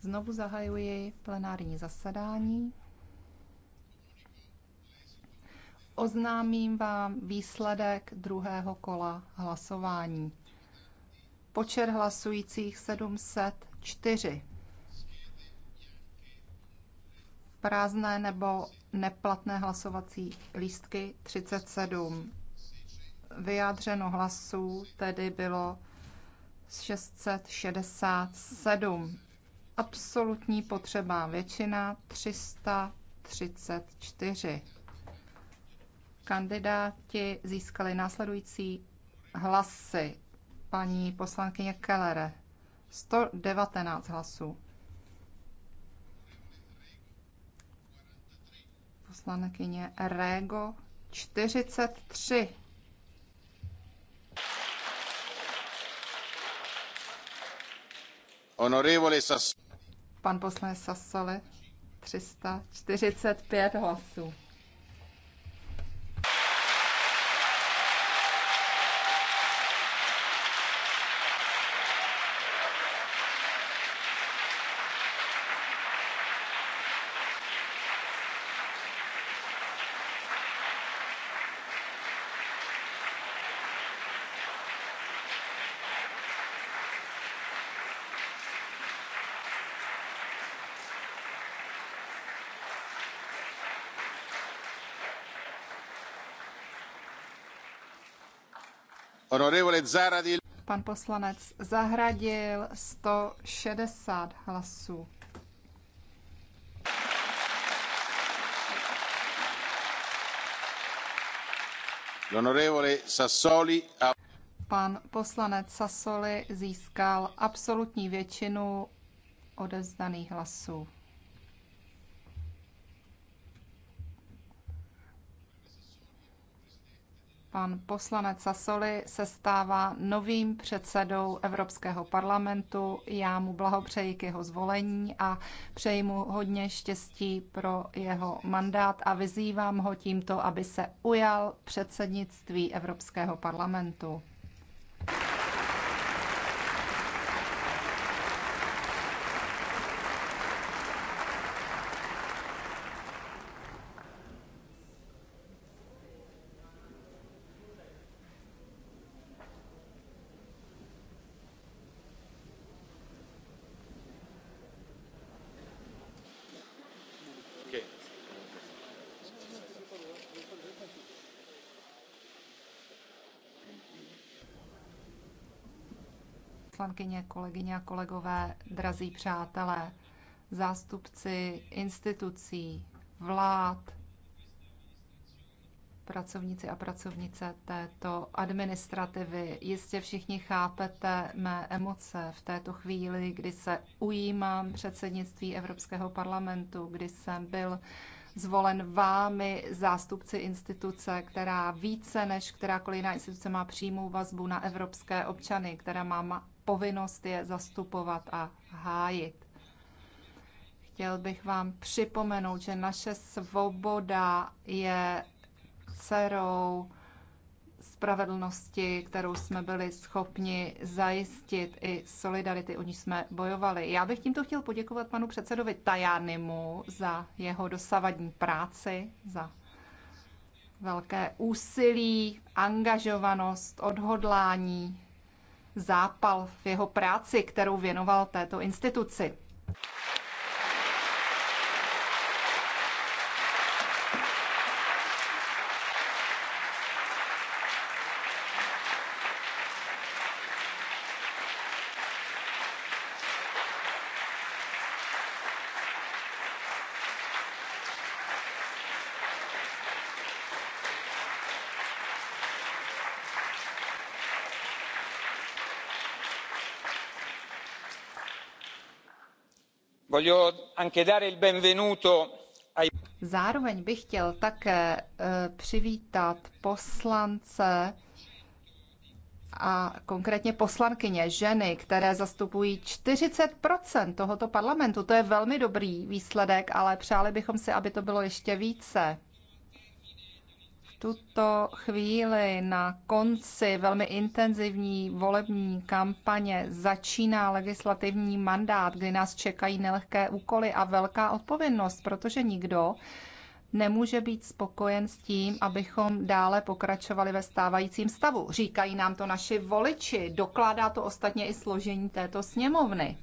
Znovu zahajuji plenární zasedání. Oznámím vám výsledek druhého kola hlasování. Počet hlasujících 704. Prázdné nebo neplatné hlasovací lístky 37. Vyjádřeno hlasů tedy bylo 667. Absolutní potřeba většina 334. Kandidáti získali následující hlasy. Paní poslankyně Kellere 119 hlasů. Poslankyně Rego 43 Pan poslanec Sasoli 345 hlasů. Pan poslanec Zahradil 160 hlasů. Pan poslanec Sassoli získal absolutní většinu odevzdaných hlasů. Pan poslanec Sasoli se stává novým předsedou Evropského parlamentu. Já mu blahopřeji k jeho zvolení a přeji mu hodně štěstí pro jeho mandát a vyzývám ho tímto, aby se ujal předsednictví Evropského parlamentu. poslankyně, kolegyně a kolegové, drazí přátelé, zástupci institucí, vlád, pracovníci a pracovnice této administrativy. Jistě všichni chápete mé emoce v této chvíli, kdy se ujímám předsednictví Evropského parlamentu, kdy jsem byl zvolen vámi zástupci instituce, která více než kterákoliv jiná instituce má přímou vazbu na evropské občany, která má povinnost je zastupovat a hájit. Chtěl bych vám připomenout, že naše svoboda je dcerou spravedlnosti, kterou jsme byli schopni zajistit i solidarity, o ní jsme bojovali. Já bych tímto chtěl poděkovat panu předsedovi Tajanimu za jeho dosavadní práci, za velké úsilí, angažovanost, odhodlání, zápal v jeho práci, kterou věnoval této instituci. Zároveň bych chtěl také eh, přivítat poslance a konkrétně poslankyně, ženy, které zastupují 40 tohoto parlamentu. To je velmi dobrý výsledek, ale přáli bychom si, aby to bylo ještě více tuto chvíli na konci velmi intenzivní volební kampaně začíná legislativní mandát, kdy nás čekají nelehké úkoly a velká odpovědnost, protože nikdo nemůže být spokojen s tím, abychom dále pokračovali ve stávajícím stavu. Říkají nám to naši voliči, dokládá to ostatně i složení této sněmovny.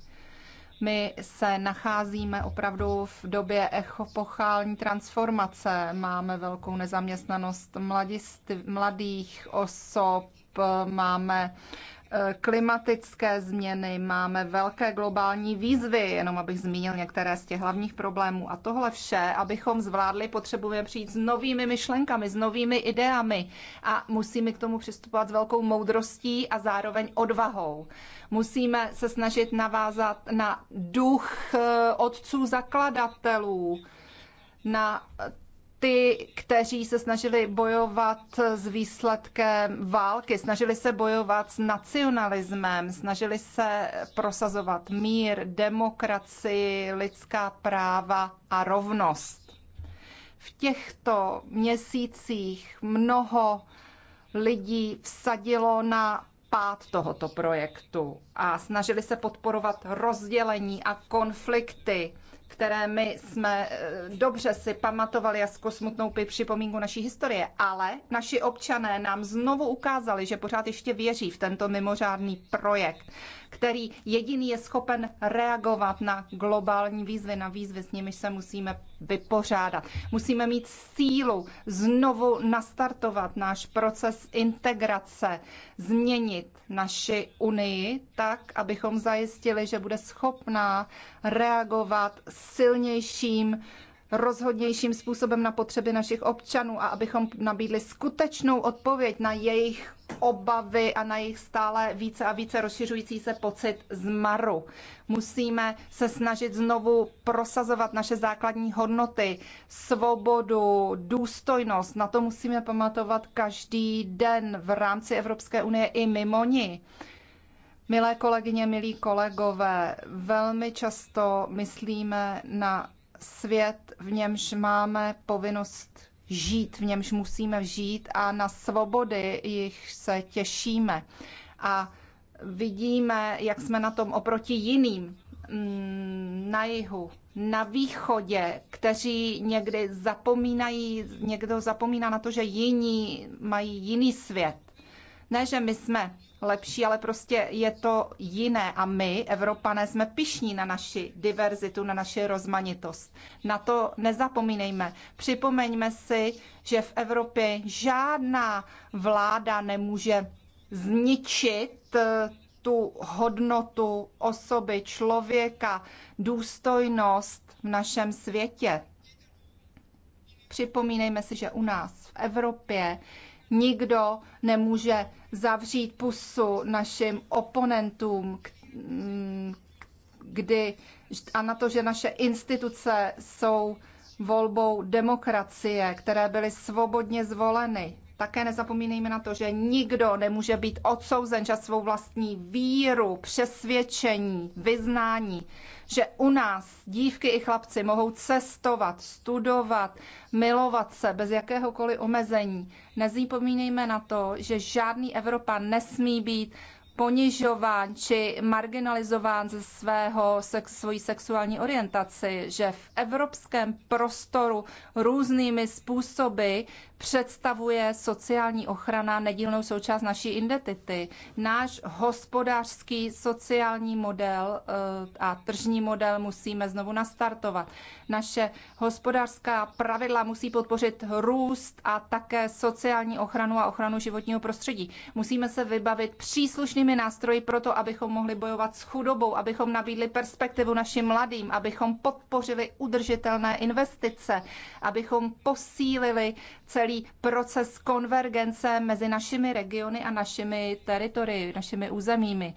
My se nacházíme opravdu v době echopochální transformace. Máme velkou nezaměstnanost mladist, mladých osob, máme Eh, klimatické změny, máme velké globální výzvy, jenom abych zmínil některé z těch hlavních problémů. A tohle vše, abychom zvládli, potřebujeme přijít s novými myšlenkami, s novými ideami a musíme k tomu přistupovat s velkou moudrostí a zároveň odvahou. Musíme se snažit navázat na duch eh, otců zakladatelů, na ty, kteří se snažili bojovat s výsledkem války, snažili se bojovat s nacionalismem, snažili se prosazovat mír, demokracii, lidská práva a rovnost. V těchto měsících mnoho lidí vsadilo na pád tohoto projektu a snažili se podporovat rozdělení a konflikty které my jsme eh, dobře si pamatovali jako smutnou připomínku naší historie, ale naši občané nám znovu ukázali, že pořád ještě věří v tento mimořádný projekt který jediný je schopen reagovat na globální výzvy, na výzvy, s nimiž se musíme vypořádat. Musíme mít sílu znovu nastartovat náš proces integrace, změnit naši unii tak, abychom zajistili, že bude schopná reagovat silnějším rozhodnějším způsobem na potřeby našich občanů a abychom nabídli skutečnou odpověď na jejich obavy a na jejich stále více a více rozšiřující se pocit zmaru. Musíme se snažit znovu prosazovat naše základní hodnoty, svobodu, důstojnost. Na to musíme pamatovat každý den v rámci Evropské unie i mimo ní. Milé kolegyně, milí kolegové, velmi často myslíme na svět, v němž máme povinnost žít, v němž musíme žít a na svobody jich se těšíme. A vidíme, jak jsme na tom oproti jiným mm, na jihu, na východě, kteří někdy zapomínají, někdo zapomíná na to, že jiní mají jiný svět. Ne, že my jsme lepší, ale prostě je to jiné a my, Evropané, jsme pišní na naši diverzitu, na naši rozmanitost. Na to nezapomínejme. Připomeňme si, že v Evropě žádná vláda nemůže zničit eh, tu hodnotu osoby, člověka, důstojnost v našem světě. Připomínejme si, že u nás v Evropě Nikdo nemůže zavřít pusu našim oponentům, mm, kdy, a na to, že naše instituce jsou volbou demokracie, které byly svobodně zvoleny. Také nezapomínejme na to, že nikdo nemůže být odsouzen za svou vlastní víru, přesvědčení, vyznání, že u nás dívky i chlapci mohou cestovat, studovat, milovat se bez jakéhokoliv omezení. Nezapomínejme na to, že žádný Evropa nesmí být ponižován či marginalizován ze svého sex, svojí sexuální orientaci, že v evropském prostoru různými způsoby představuje sociální ochrana nedílnou součást naší identity. Náš hospodářský sociální model eh, a tržní model musíme znovu nastartovat. Naše hospodářská pravidla musí podpořit růst a také sociální ochranu a ochranu životního prostředí. Musíme se vybavit příslušnými nástroji pro to, abychom mohli bojovat s chudobou, abychom nabídli perspektivu našim mladým, abychom podpořili udržitelné investice, abychom posílili celý celý proces konvergence mezi našimi regiony a našimi teritorii, našimi územími.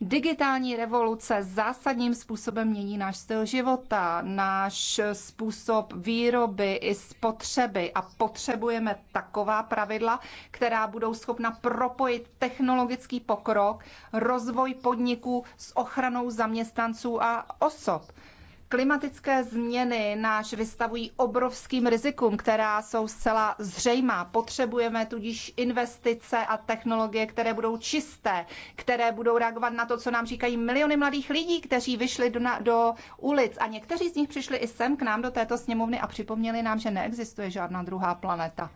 Digitální revoluce zásadním způsobem mění náš styl života, náš způsob výroby i spotřeby a potřebujeme taková pravidla, která budou schopna propojit technologický pokrok, rozvoj podniků s ochranou zaměstnanců a osob. Klimatické změny náš vystavují obrovským rizikům, která jsou zcela zřejmá. Potřebujeme tudíž investice a technologie, které budou čisté, které budou reagovat na to, co nám říkají miliony mladých lidí, kteří vyšli do, na, do ulic. A někteří z nich přišli i sem k nám do této sněmovny a připomněli nám, že neexistuje žádná druhá planeta.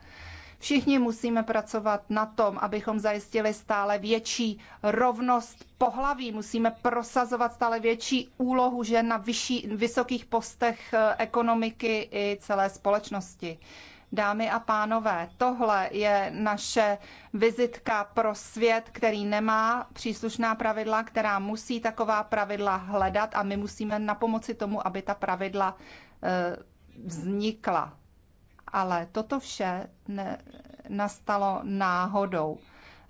Všichni musíme pracovat na tom, abychom zajistili stále větší rovnost pohlaví. Musíme prosazovat stále větší úlohu žen na vyšší, vysokých postech eh, ekonomiky i celé společnosti. Dámy a pánové, tohle je naše vizitka pro svět, který nemá příslušná pravidla, která musí taková pravidla hledat a my musíme napomoci tomu, aby ta pravidla eh, vznikla ale toto vše ne, nastalo náhodou.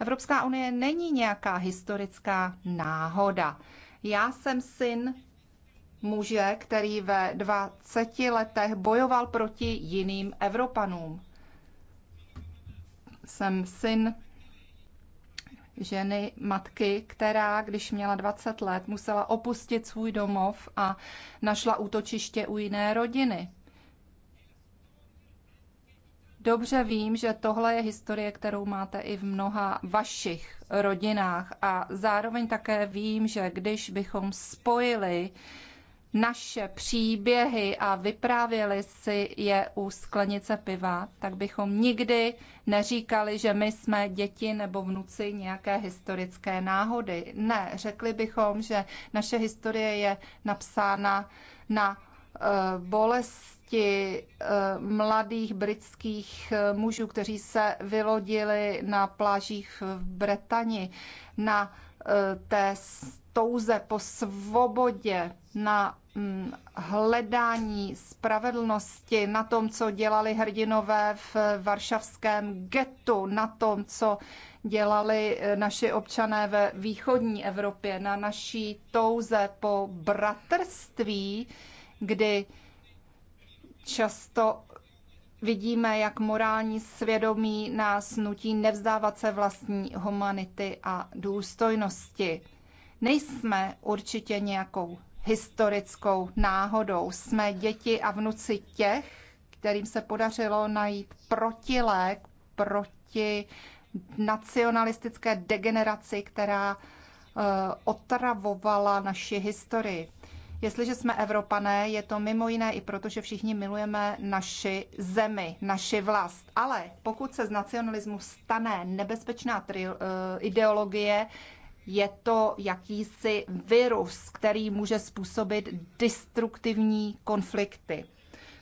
Evropská unie není nějaká historická náhoda. Já jsem syn muže, který ve 20 letech bojoval proti jiným Evropanům. Jsem syn ženy, matky, která, když měla 20 let, musela opustit svůj domov a našla útočiště u jiné rodiny. Dobře vím, že tohle je historie, kterou máte i v mnoha vašich rodinách a zároveň také vím, že když bychom spojili naše příběhy a vyprávěli si je u sklenice piva, tak bychom nikdy neříkali, že my jsme děti nebo vnuci nějaké historické náhody. Ne, řekli bychom, že naše historie je napsána na eh, bolest oběti eh, mladých britských eh, mužů, kteří se vylodili na plážích v Bretani, na eh, té touze po svobodě, na mm, hledání spravedlnosti, na tom, co dělali hrdinové v varšavském getu, na tom, co dělali naši občané ve východní Evropě, na naší touze po bratrství, kdy Často vidíme, jak morální svědomí nás nutí nevzdávat se vlastní humanity a důstojnosti. Nejsme určitě nějakou historickou náhodou. Jsme děti a vnuci těch, kterým se podařilo najít protilék proti nacionalistické degeneraci, která eh, otravovala naši historii. Jestliže jsme Evropané, je to mimo jiné i proto, že všichni milujeme naši zemi, naši vlast. Ale pokud se z nacionalismu stane nebezpečná tri, eh, ideologie, je to jakýsi virus, který může způsobit destruktivní konflikty.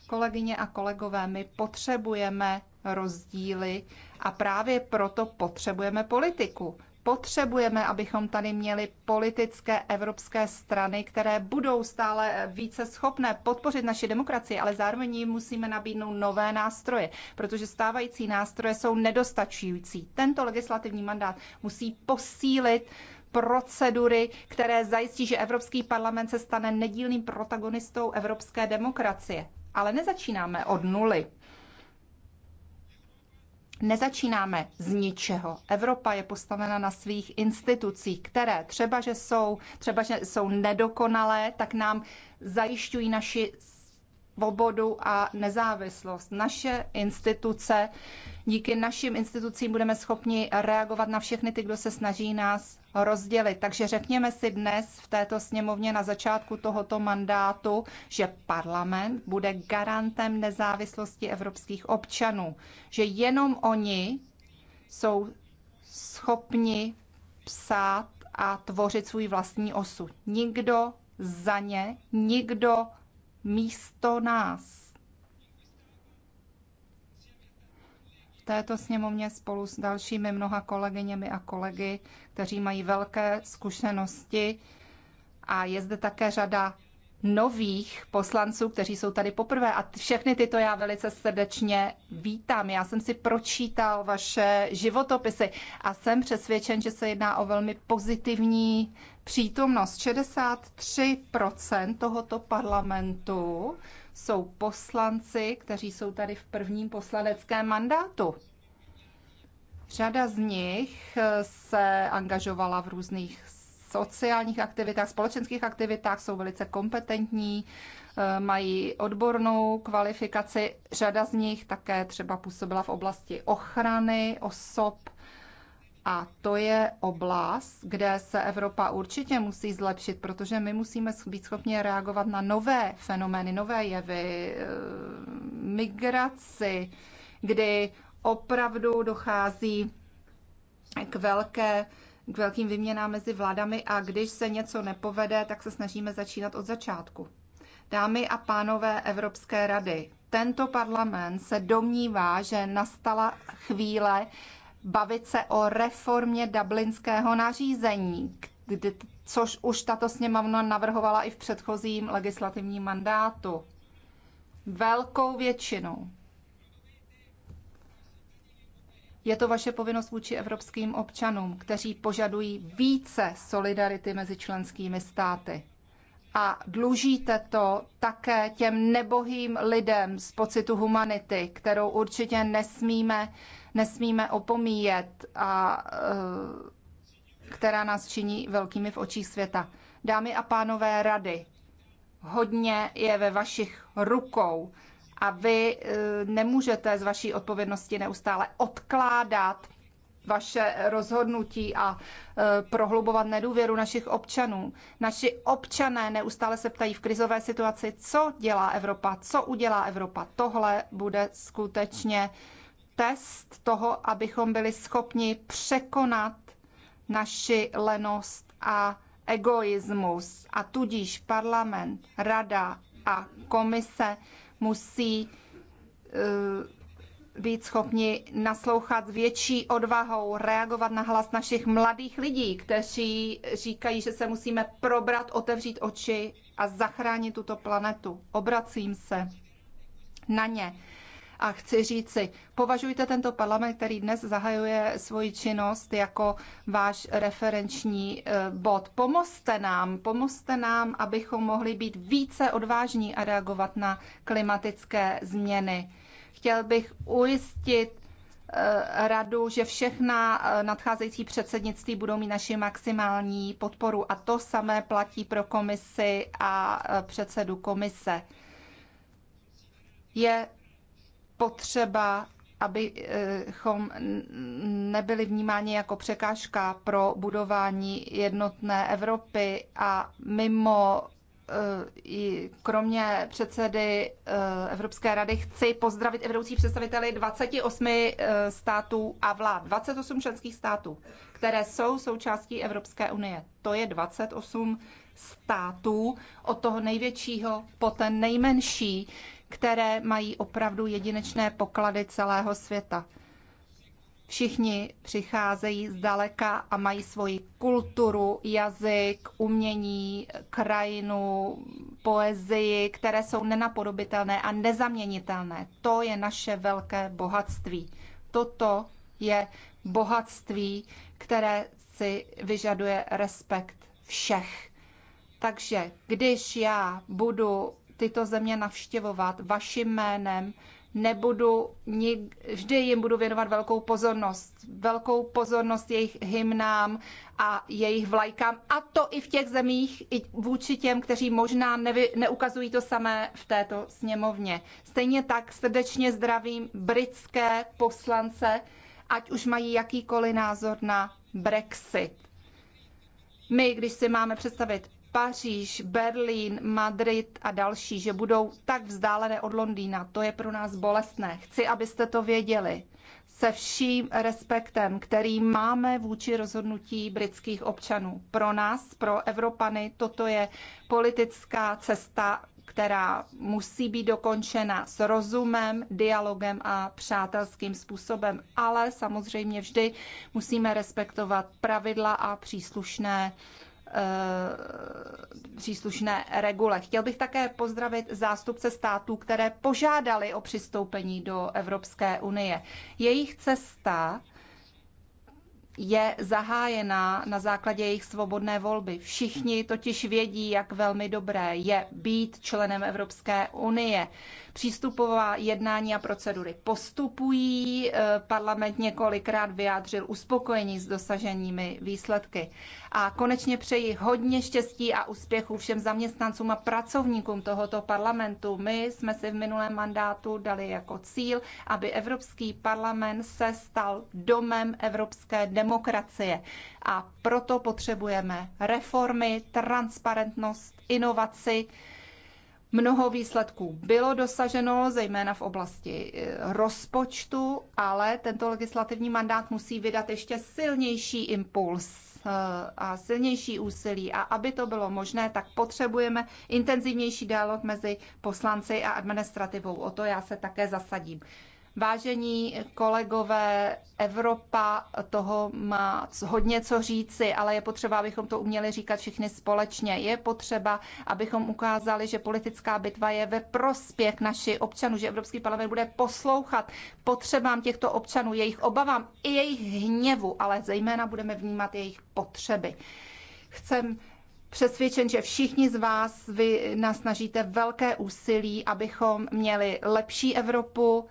Kolegyně a kolegové, my potřebujeme rozdíly a právě proto potřebujeme politiku potřebujeme, abychom tady měli politické evropské strany, které budou stále více schopné podpořit naši demokracii, ale zároveň jim musíme nabídnout nové nástroje, protože stávající nástroje jsou nedostačující. Tento legislativní mandát musí posílit procedury, které zajistí, že Evropský parlament se stane nedílným protagonistou evropské demokracie. Ale nezačínáme od nuly. Nezačínáme z ničeho. Evropa je postavena na svých institucích, které třeba, že jsou, třeba, že jsou nedokonalé, tak nám zajišťují naši svobodu a nezávislost. Naše instituce, díky našim institucím budeme schopni reagovat na všechny ty, kdo se snaží nás rozdělit. Takže řekněme si dnes v této sněmovně na začátku tohoto mandátu, že parlament bude garantem nezávislosti evropských občanů, že jenom oni jsou schopni psát a tvořit svůj vlastní osud. Nikdo za ně, nikdo místo nás. V této sněmovně spolu s dalšími mnoha kolegyněmi a kolegy, kteří mají velké zkušenosti a je zde také řada nových poslanců, kteří jsou tady poprvé. A všechny tyto já velice srdečně vítám. Já jsem si pročítal vaše životopisy a jsem přesvědčen, že se jedná o velmi pozitivní přítomnost. 63% tohoto parlamentu jsou poslanci, kteří jsou tady v prvním poslaneckém mandátu. Řada z nich se angažovala v různých sociálních aktivitách, společenských aktivitách, jsou velice kompetentní, eh, mají odbornou kvalifikaci. Řada z nich také třeba působila v oblasti ochrany osob a to je oblast, kde se Evropa určitě musí zlepšit, protože my musíme být schopni reagovat na nové fenomény, nové jevy, eh, migraci, kdy opravdu dochází k velké k velkým vyměnám mezi vládami a když se něco nepovede, tak se snažíme začínat od začátku. Dámy a pánové Evropské rady, tento parlament se domnívá, že nastala chvíle bavit se o reformě dublinského nařízení, kdy, což už tato sněmovna navrhovala i v předchozím legislativním mandátu. Velkou většinou. Je to vaše povinnost vůči evropským občanům, kteří požadují více solidarity mezi členskými státy. A dlužíte to také těm nebohým lidem z pocitu humanity, kterou určitě nesmíme nesmíme opomíjet a eh, která nás činí velkými v očích světa. Dámy a pánové rady, hodně je ve vašich rukou a vy eh, nemůžete z vaší odpovědnosti neustále odkládat vaše rozhodnutí a eh, prohlubovat nedůvěru našich občanů. Naši občané neustále se ptají v krizové situaci, co dělá Evropa, co udělá Evropa. Tohle bude skutečně test toho, abychom byli schopni překonat naši lenost a egoismus. A tudíž parlament, rada a komise musí uh, být schopni naslouchat větší odvahou, reagovat na hlas našich mladých lidí, kteří říkají, že se musíme probrat, otevřít oči a zachránit tuto planetu. Obracím se na ně. A chci říci, považujte tento parlament, který dnes zahajuje svoji činnost jako váš referenční eh, bod. Pomozte nám, pomozte nám, abychom mohli být více odvážní a reagovat na klimatické změny. Chtěl bych ujistit eh, radu, že všechna eh, nadcházející předsednictví budou mít naši maximální podporu a to samé platí pro komisi a předsedu komise. Je potřeba, abychom nebyli vnímáni jako překážka pro budování jednotné Evropy a mimo eh, i kromě předsedy eh, Evropské rady chci pozdravit vedoucí představiteli 28 eh, států a vlád, 28 členských států, které jsou součástí Evropské unie. To je 28 států, od toho největšího po ten nejmenší které mají opravdu jedinečné poklady celého světa. Všichni přicházejí z daleka a mají svoji kulturu, jazyk, umění, krajinu, poezii, které jsou nenapodobitelné a nezaměnitelné. To je naše velké bohatství. Toto je bohatství, které si vyžaduje respekt všech. Takže když já budu tyto země navštěvovat vaším jménem. Nebudu, vždy jim budu věnovat velkou pozornost. Velkou pozornost jejich hymnám a jejich vlajkám. A to i v těch zemích, i vůči těm, kteří možná nevy, neukazují to samé v této sněmovně. Stejně tak srdečně zdravím britské poslance, ať už mají jakýkoliv názor na Brexit. My, když si máme představit Paříž, Berlín, Madrid a další, že budou tak vzdálené od Londýna. To je pro nás bolestné. Chci, abyste to věděli. Se vším respektem, který máme vůči rozhodnutí britských občanů. Pro nás, pro Evropany, toto je politická cesta, která musí být dokončena s rozumem, dialogem a přátelským způsobem. Ale samozřejmě vždy musíme respektovat pravidla a příslušné uh, Eh, příslušné regule. Chtěl bych také pozdravit zástupce států, které požádali o přistoupení do Evropské unie. Jejich cesta je zahájena na základě jejich svobodné volby. Všichni totiž vědí, jak velmi dobré je být členem Evropské unie. Přístupová jednání a procedury postupují, eh, parlament několikrát vyjádřil uspokojení s dosaženými výsledky a konečně přeji hodně štěstí a úspěchů všem zaměstnancům a pracovníkům tohoto parlamentu. My jsme si v minulém mandátu dali jako cíl, aby Evropský parlament se stal domem evropské demokracie. A proto potřebujeme reformy, transparentnost, inovaci, Mnoho výsledků bylo dosaženo, zejména v oblasti e, rozpočtu, ale tento legislativní mandát musí vydat ještě silnější impuls Eh, a silnější úsilí. A aby to bylo možné, tak potřebujeme intenzivnější dialog mezi poslanci a administrativou. O to já se také zasadím. Vážení kolegové, Evropa toho má hodně co říci, ale je potřeba, abychom to uměli říkat všichni společně. Je potřeba, abychom ukázali, že politická bitva je ve prospěch našich občanů, že Evropský parlament bude poslouchat potřebám těchto občanů, jejich obavám i jejich hněvu, ale zejména budeme vnímat jejich potřeby. Chcem přesvědčen, že všichni z vás vy nasnažíte velké úsilí, abychom měli lepší Evropu,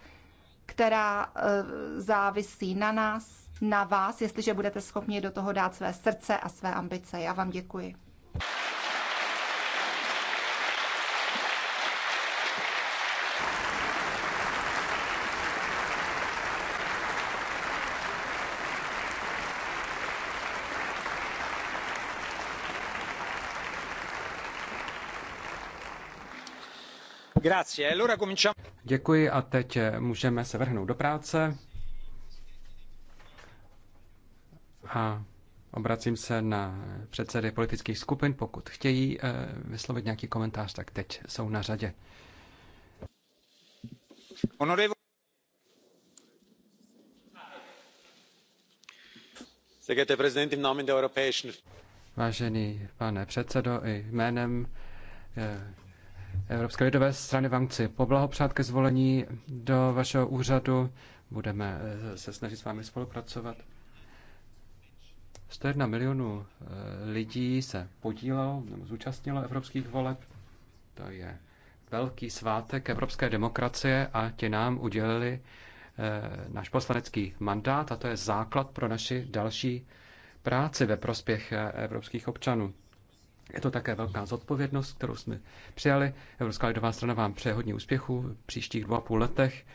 která e, závisí na nás, na vás, jestliže budete schopni do toho dát své srdce a své ambice. Já vám děkuji. Děkuji a teď můžeme se vrhnout do práce. A obracím se na předsedy politických skupin. Pokud chtějí eh, vyslovit nějaký komentář, tak teď jsou na řadě. Vážený pane předsedo, i jménem eh, Evropské lidové strany vám chci poblahopřát ke zvolení do vašeho úřadu. Budeme eh, se snažit s vámi spolupracovat. 101 milionů eh, lidí se podílelo nebo zúčastnilo evropských voleb. To je velký svátek evropské demokracie a ti nám udělili eh, náš poslanecký mandát a to je základ pro naši další práci ve prospěch evropských občanů je to také velká zodpovědnost, kterou jsme přijali. Evropská lidová strana vám přeje hodně úspěchů v příštích dvou a půl letech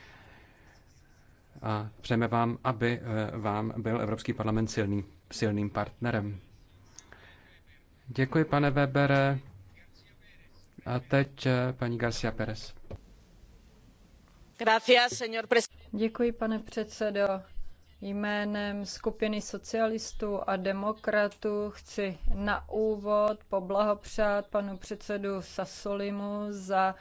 a přejeme vám, aby eh, vám byl Evropský parlament silný, silným partnerem. Děkuji, pane Webere. A teď eh, paní Garcia Perez. Děkuji, pane předsedo. Jménem skupiny socialistů a demokratů chci na úvod poblahopřát panu předsedu Sasolimu za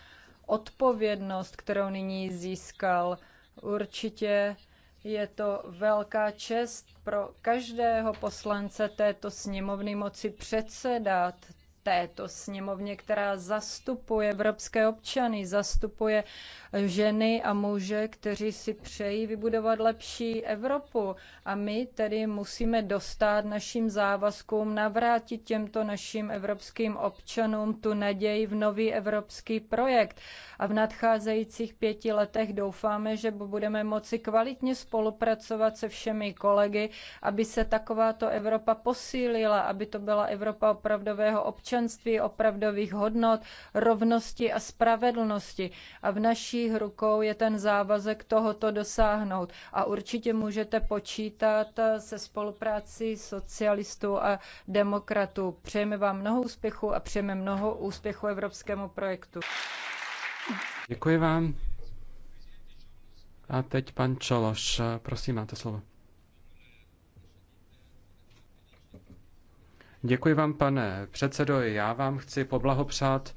odpovědnost, kterou nyní získal. Určitě je to velká čest pro každého poslance této sněmovny moci předsedat této sněmovně, která zastupuje evropské občany, zastupuje ženy a muže, kteří si přejí vybudovat lepší Evropu. A my tedy musíme dostat našim závazkům, navrátit těmto našim evropským občanům tu naději v nový evropský projekt. A v nadcházejících pěti letech doufáme, že budeme moci kvalitně spolupracovat se všemi kolegy, aby se takováto Evropa posílila, aby to byla Evropa opravdového občana občanství, opravdových hodnot, rovnosti a spravedlnosti. A v našich rukou je ten závazek tohoto dosáhnout. A určitě můžete počítat se spolupráci socialistů a demokratů. Přejeme vám mnoho úspěchu a přejeme mnoho úspěchu evropskému projektu. Děkuji vám. A teď pan Čološ, prosím, máte slovo. Děkuji vám, pane předsedo. Já vám chci poblahopřát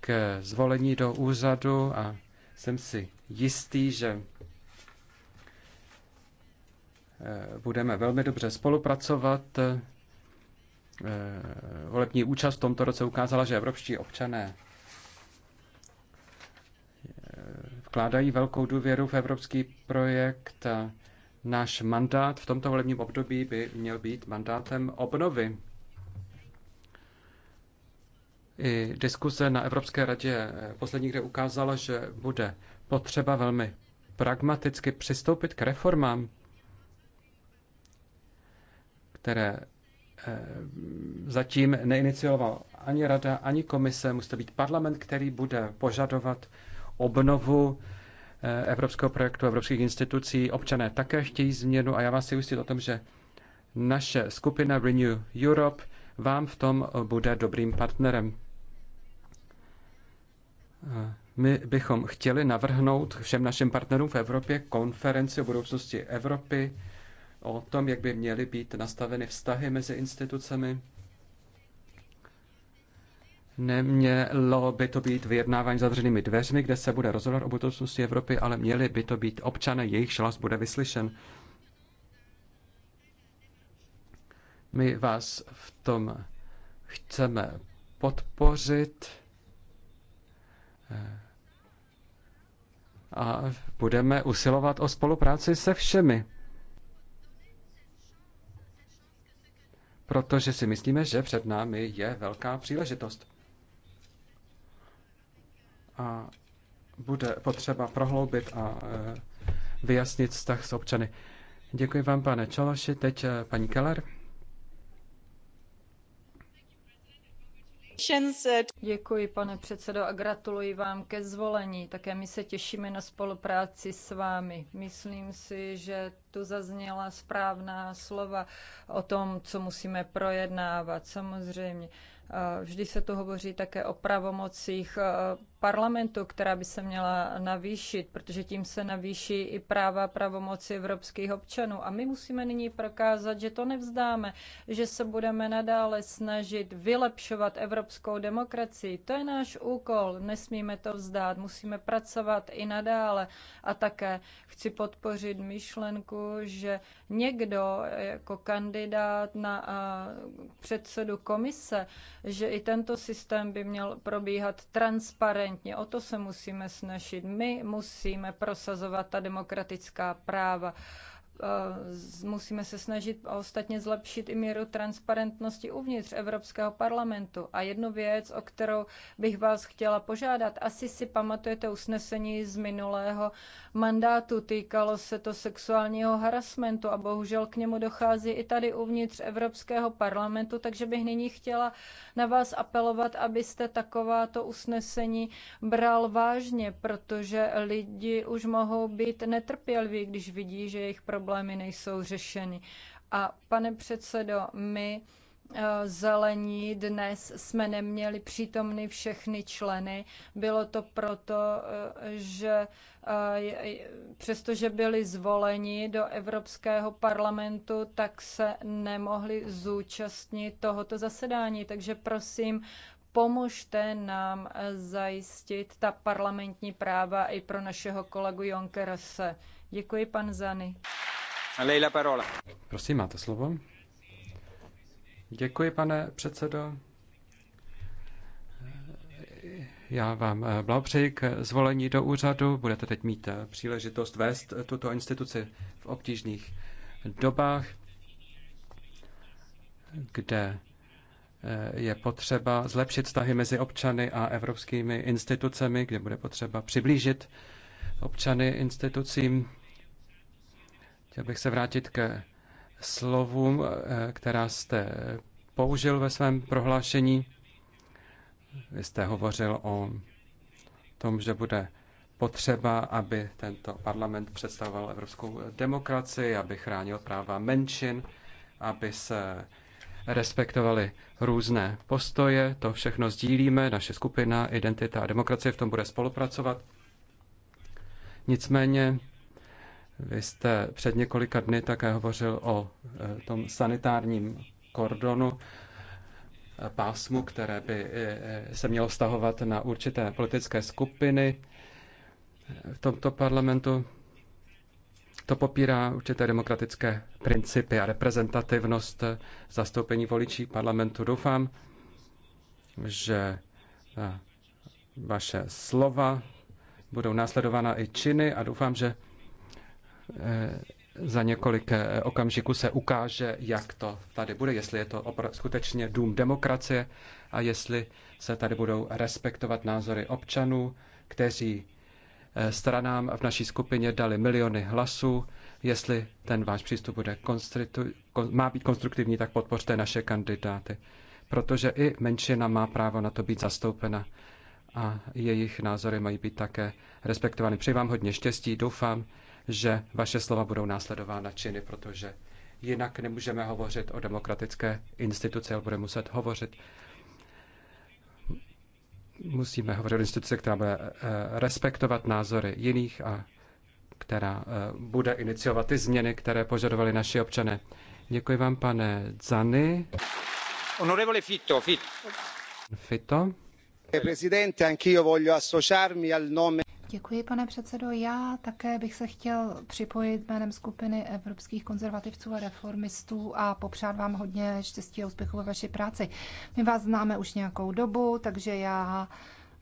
k zvolení do úřadu a jsem si jistý, že eh, budeme velmi dobře spolupracovat. Eh, volební účast v tomto roce ukázala, že evropští občané eh, vkládají velkou důvěru v evropský projekt. Náš mandát v tomto volebním období by měl být mandátem obnovy. I diskuze na Evropské radě eh, poslední kde ukázala, že bude potřeba velmi pragmaticky přistoupit k reformám, které eh, zatím neinicioval ani rada, ani komise. Musí to být parlament, který bude požadovat obnovu eh, evropského projektu, evropských institucí. Občané také chtějí změnu a já vás si ujistit o tom, že naše skupina Renew Europe vám v tom bude dobrým partnerem. My bychom chtěli navrhnout všem našim partnerům v Evropě konferenci o budoucnosti Evropy, o tom, jak by měly být nastaveny vztahy mezi institucemi. Nemělo by to být vyjednávání zavřenými dveřmi, kde se bude rozhodovat o budoucnosti Evropy, ale měly by to být občané, jejich šlas bude vyslyšen. My vás v tom chceme podpořit a budeme usilovat o spolupráci se všemi. Protože si myslíme, že před námi je velká příležitost. A bude potřeba prohloubit a e, vyjasnit vztah s občany. Děkuji vám, pane Čološi. Teď e, paní Keller. Eh, Děkuji, pane předsedo, a gratuluji vám ke zvolení. Také my se těšíme na spolupráci s vámi. Myslím si, že tu zazněla správná slova o tom, co musíme projednávat. Samozřejmě, vždy se tu hovoří také o pravomocích parlamentu, která by se měla navýšit, protože tím se navýší i práva pravomoci evropských občanů. A my musíme nyní prokázat, že to nevzdáme, že se budeme nadále snažit vylepšovat evropskou demokracii. To je náš úkol, nesmíme to vzdát, musíme pracovat i nadále. A také chci podpořit myšlenku že někdo jako kandidát na předsedu komise, že i tento systém by měl probíhat transparentně. O to se musíme snažit. My musíme prosazovat ta demokratická práva musíme se snažit ostatně zlepšit i míru transparentnosti uvnitř Evropského parlamentu. A jednu věc, o kterou bych vás chtěla požádat, asi si pamatujete usnesení z minulého mandátu, týkalo se to sexuálního harasmentu a bohužel k němu dochází i tady uvnitř Evropského parlamentu, takže bych nyní chtěla na vás apelovat, abyste takováto usnesení bral vážně, protože lidi už mohou být netrpěliví, když vidí, že jejich problém problémy nejsou řešeny. A pane předsedo, my eh, zelení dnes jsme neměli přítomny všechny členy. Bylo to proto, eh, že eh, přestože byli zvoleni do Evropského parlamentu, tak se nemohli zúčastnit tohoto zasedání. Takže prosím, pomožte nám zajistit ta parlamentní práva i pro našeho kolegu Jonkerase. Děkuji, pan Zany. Prosím, máte slovo. Děkuji, pane předsedo. Já vám eh, blahopřeji k zvolení do úřadu. Budete teď mít eh, příležitost vést eh, tuto instituci v obtížných dobách, kde je potřeba zlepšit vztahy mezi občany a evropskými institucemi, kde bude potřeba přiblížit občany institucím Chtěl bych se vrátit ke slovům, eh, která jste použil ve svém prohlášení. Vy jste hovořil o tom, že bude potřeba, aby tento parlament představoval evropskou demokracii, aby chránil práva menšin, aby se respektovali různé postoje. To všechno sdílíme, naše skupina Identita a demokracie v tom bude spolupracovat. Nicméně vy jste před několika dny také hovořil o e, tom sanitárním kordonu, e, pásmu, které by e, se mělo stahovat na určité politické skupiny. V tomto parlamentu to popírá určité demokratické principy a reprezentativnost zastoupení voličí parlamentu. Doufám, že vaše slova budou následována i činy a doufám, že Eh, za několik eh, okamžiků se ukáže, jak to tady bude, jestli je to skutečně dům demokracie a jestli se tady budou respektovat názory občanů, kteří eh, stranám v naší skupině dali miliony hlasů. Jestli ten váš přístup bude má být konstruktivní, tak podpořte naše kandidáty, protože i menšina má právo na to být zastoupena a jejich názory mají být také respektovány. Přeji vám hodně štěstí, doufám, že vaše slova budou následována činy, protože jinak nemůžeme hovořit o demokratické instituci, ale budeme muset hovořit musíme hovořit o instituci, která bude eh, respektovat názory jiných a která eh, bude iniciovat ty změny, které požadovali naši občané. Děkuji vám, pane Zany. Honorevole Fito, Fito. Fito. Presidente, anch'io voglio associarmi al nome Děkuji, pane předsedo. Já také bych se chtěl připojit jménem skupiny evropských konzervativců a reformistů a popřát vám hodně štěstí a úspěchu ve vaší práci. My vás známe už nějakou dobu, takže já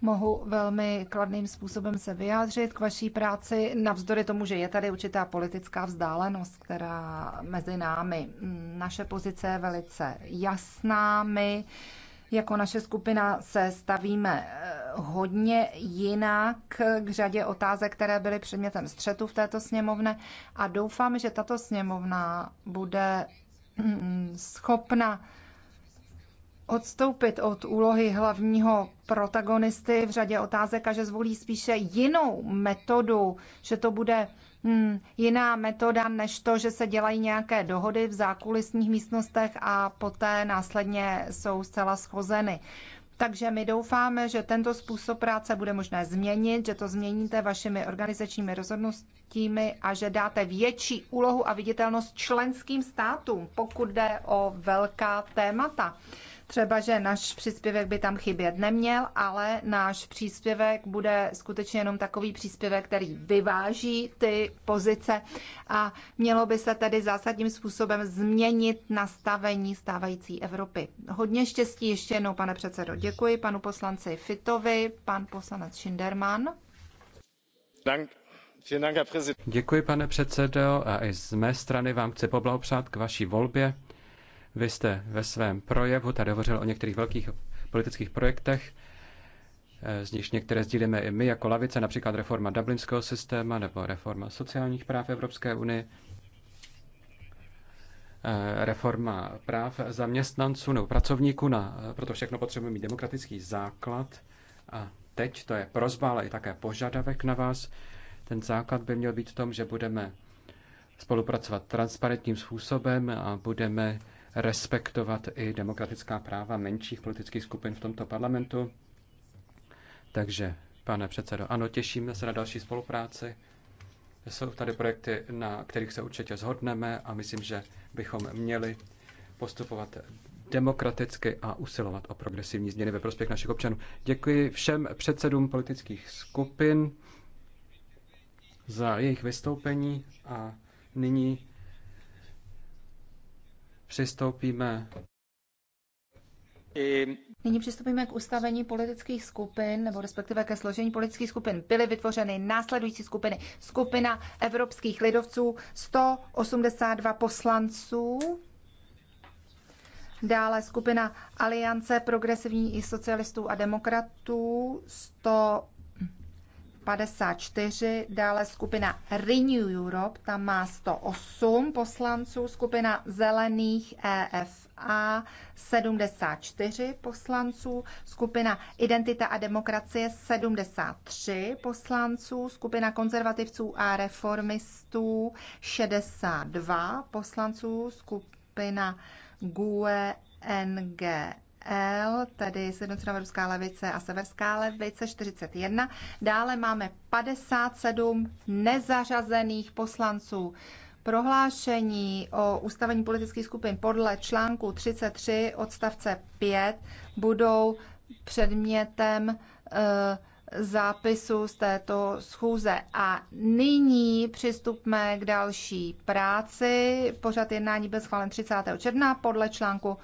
mohu velmi kladným způsobem se vyjádřit k vaší práci, navzdory tomu, že je tady určitá politická vzdálenost, která mezi námi. Naše pozice je velice jasná. My jako naše skupina se stavíme eh, hodně jinak k řadě otázek, které byly předmětem střetu v této sněmovně a doufám, že tato sněmovna bude mm, mm, schopna odstoupit od úlohy hlavního protagonisty v řadě otázek a že zvolí spíše jinou metodu, že to bude hmm, jiná metoda než to, že se dělají nějaké dohody v zákulisních místnostech a poté následně jsou zcela schozeny. Takže my doufáme, že tento způsob práce bude možné změnit, že to změníte vašimi organizačními rozhodnostími a že dáte větší úlohu a viditelnost členským státům, pokud jde o velká témata. Třeba, že náš příspěvek by tam chybět neměl, ale náš příspěvek bude skutečně jenom takový příspěvek, který vyváží ty pozice a mělo by se tedy zásadním způsobem změnit nastavení stávající Evropy. Hodně štěstí ještě jednou, pane předsedo. Děkuji panu poslanci Fitovi, pan poslanec Schinderman. Dank. Děkuji, pane předsedo, a i z mé strany vám chci poblahopřát k vaší volbě. Vy jste ve svém projevu tady hovořil o některých velkých politických projektech, eh, z nichž některé sdílíme i my jako lavice, například reforma dublinského systému nebo reforma sociálních práv Evropské unie, eh, reforma práv zaměstnanců nebo pracovníků. Na, eh, proto všechno potřebujeme mít demokratický základ. A teď to je prozba, ale i také požadavek na vás. Ten základ by měl být v tom, že budeme spolupracovat transparentním způsobem a budeme respektovat i demokratická práva menších politických skupin v tomto parlamentu. Takže, pane předsedo, ano, těšíme se na další spolupráci. Jsou tady projekty, na kterých se určitě zhodneme a myslím, že bychom měli postupovat demokraticky a usilovat o progresivní změny ve prospěch našich občanů. Děkuji všem předsedům politických skupin za jejich vystoupení a nyní Přistoupíme Nyní přistoupíme k ustavení politických skupin, nebo respektive ke složení politických skupin. Byly vytvořeny následující skupiny. Skupina evropských lidovců 182 poslanců, dále skupina Aliance progresivní i socialistů a demokratů 100 54, dále skupina Renew Europe, tam má 108 poslanců, skupina Zelených EFA 74 poslanců, skupina Identita a demokracie 73 poslanců, skupina konzervativců a reformistů 62 poslanců, skupina GUE NGL L, tedy Sjednocená evropská levice a severská levice 41. Dále máme 57 nezařazených poslanců. Prohlášení o ustavení politických skupin podle článku 33 odstavce 5 budou předmětem e, zápisu z této schůze. A nyní přistupme k další práci. Pořad jednání byl schválen 30. června podle článku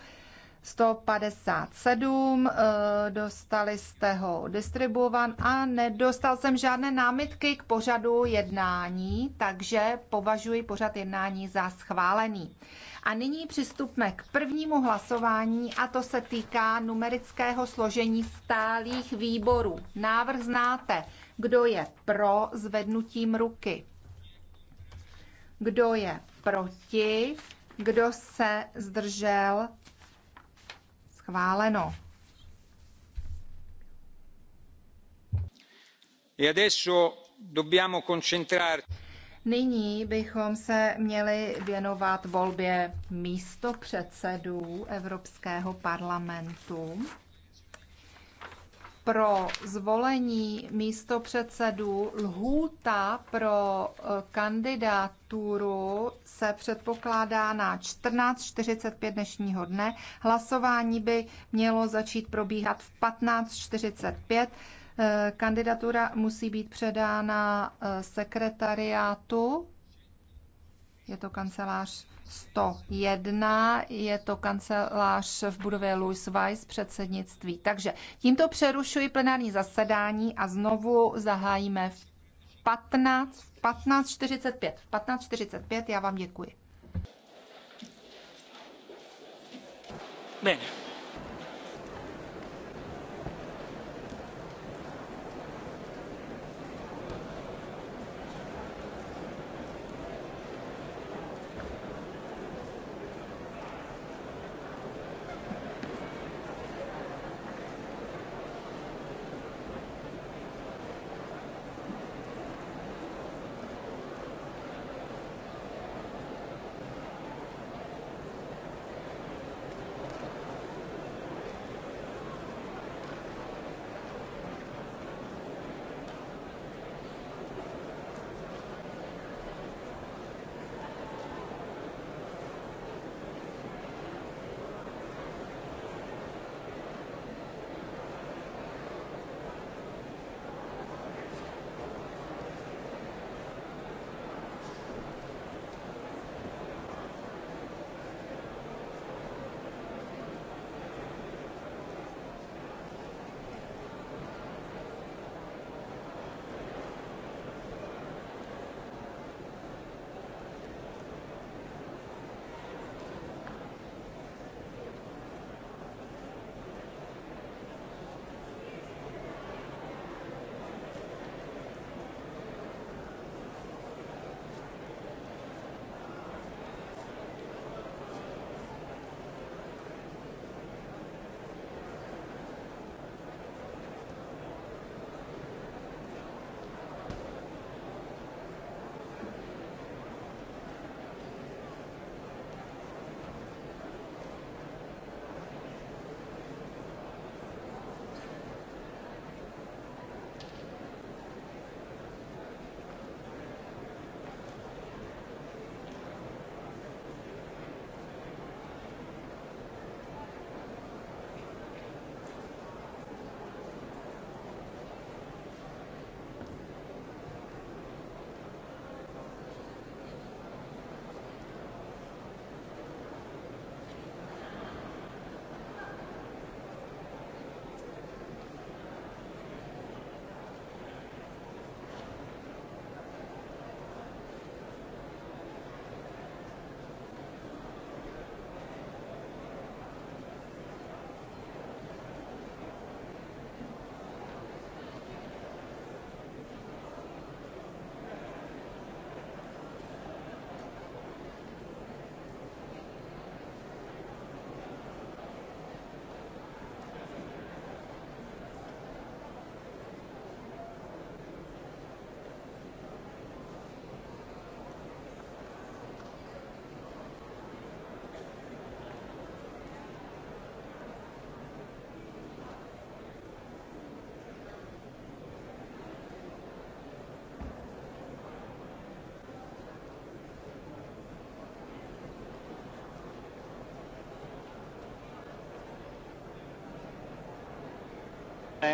157, eh, dostali jste ho distribuovan a nedostal jsem žádné námitky k pořadu jednání, takže považuji pořad jednání za schválený. A nyní přistupme k prvnímu hlasování a to se týká numerického složení stálých výborů. Návrh znáte. Kdo je pro zvednutím ruky? Kdo je proti? Kdo se zdržel schváleno. E Nyní bychom se měli věnovat volbě místopředsedů Evropského parlamentu pro zvolení místopředsedů lhůta pro e, kandidaturu se předpokládá na 14.45 dnešního dne. Hlasování by mělo začít probíhat v 15.45. E, kandidatura musí být předána e, sekretariátu je to kancelář 101, je to kancelář v budově Louis Weiss předsednictví. Takže tímto přerušuji plenární zasedání a znovu zahájíme v 15, v 15.45. V 15.45 já vám děkuji. Bene.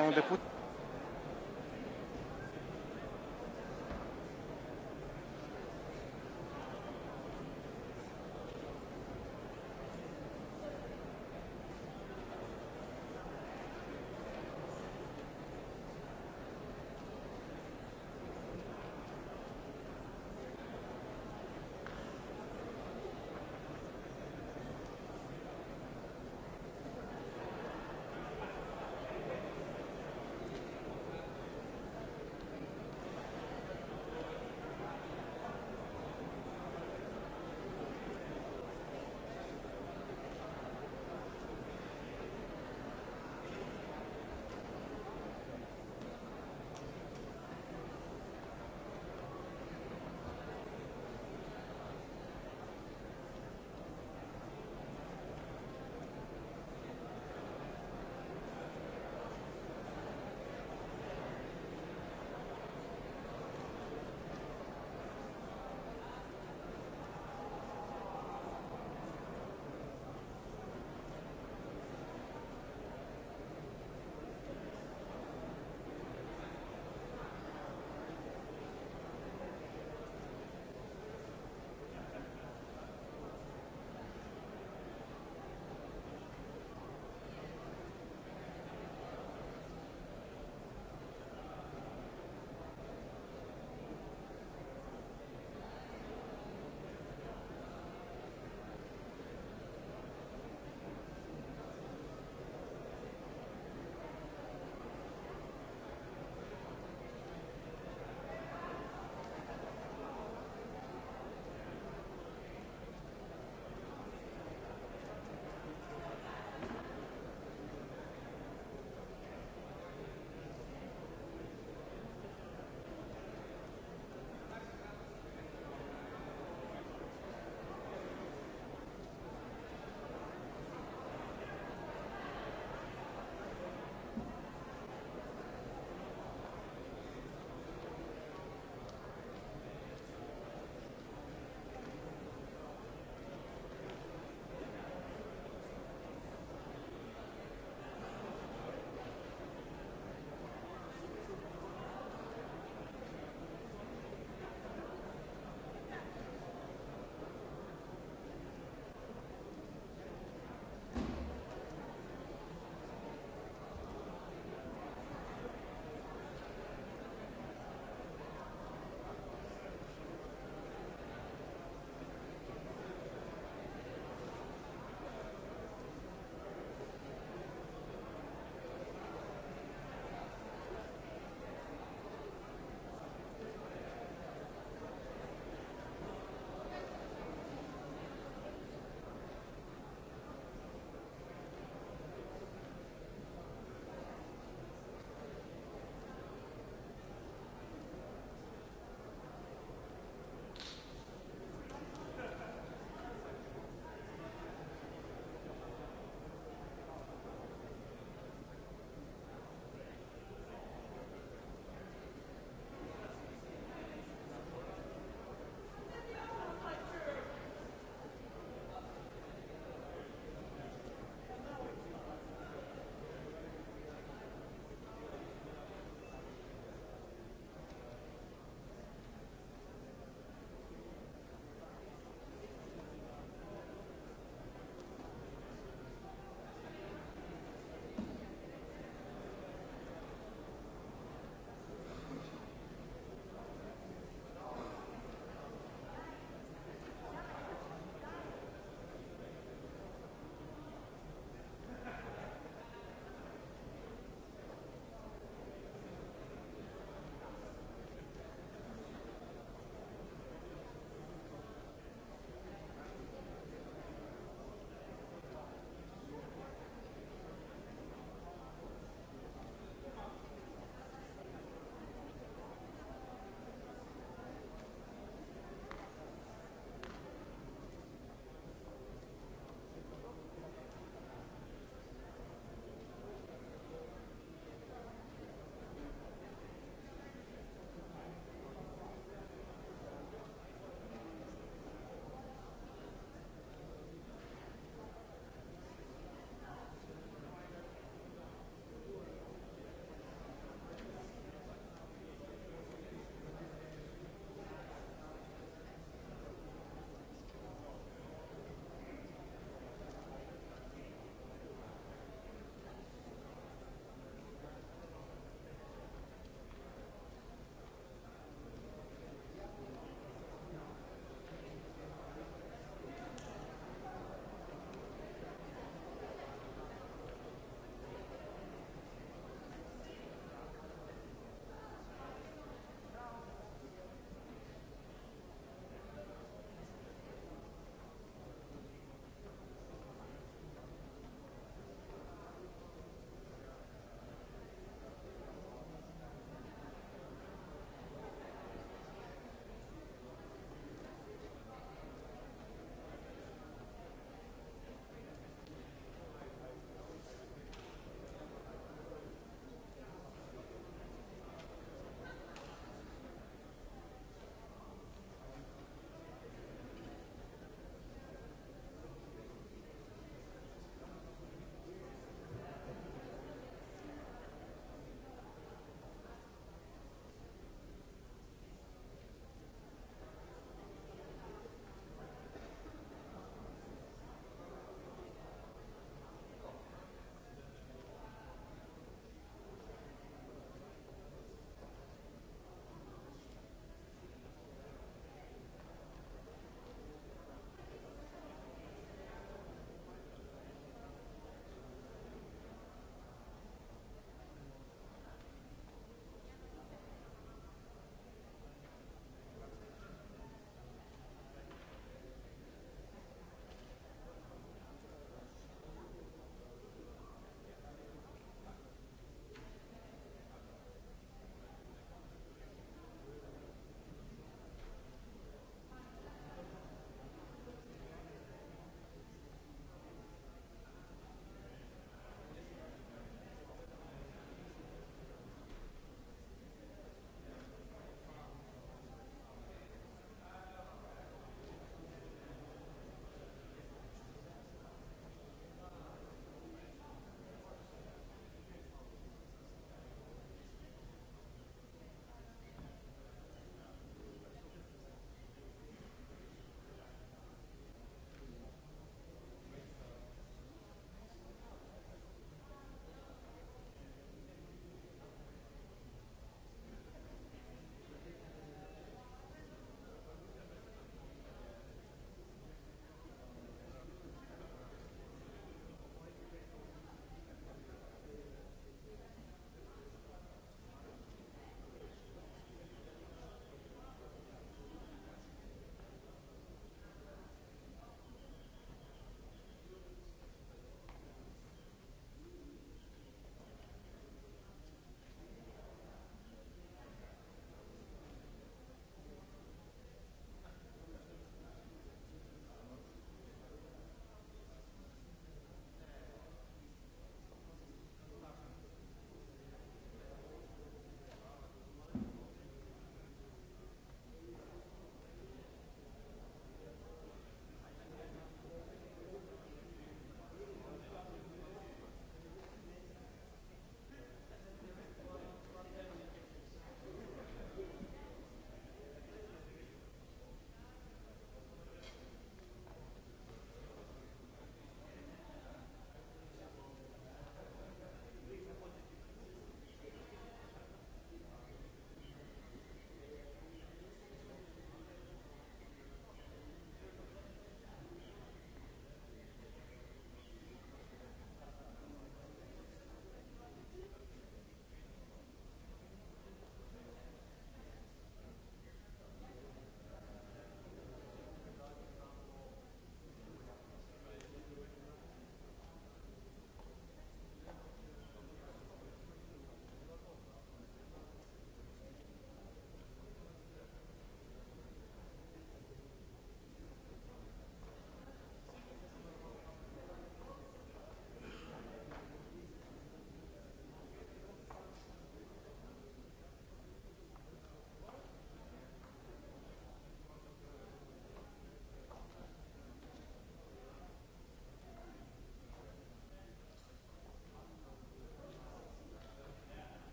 un deputat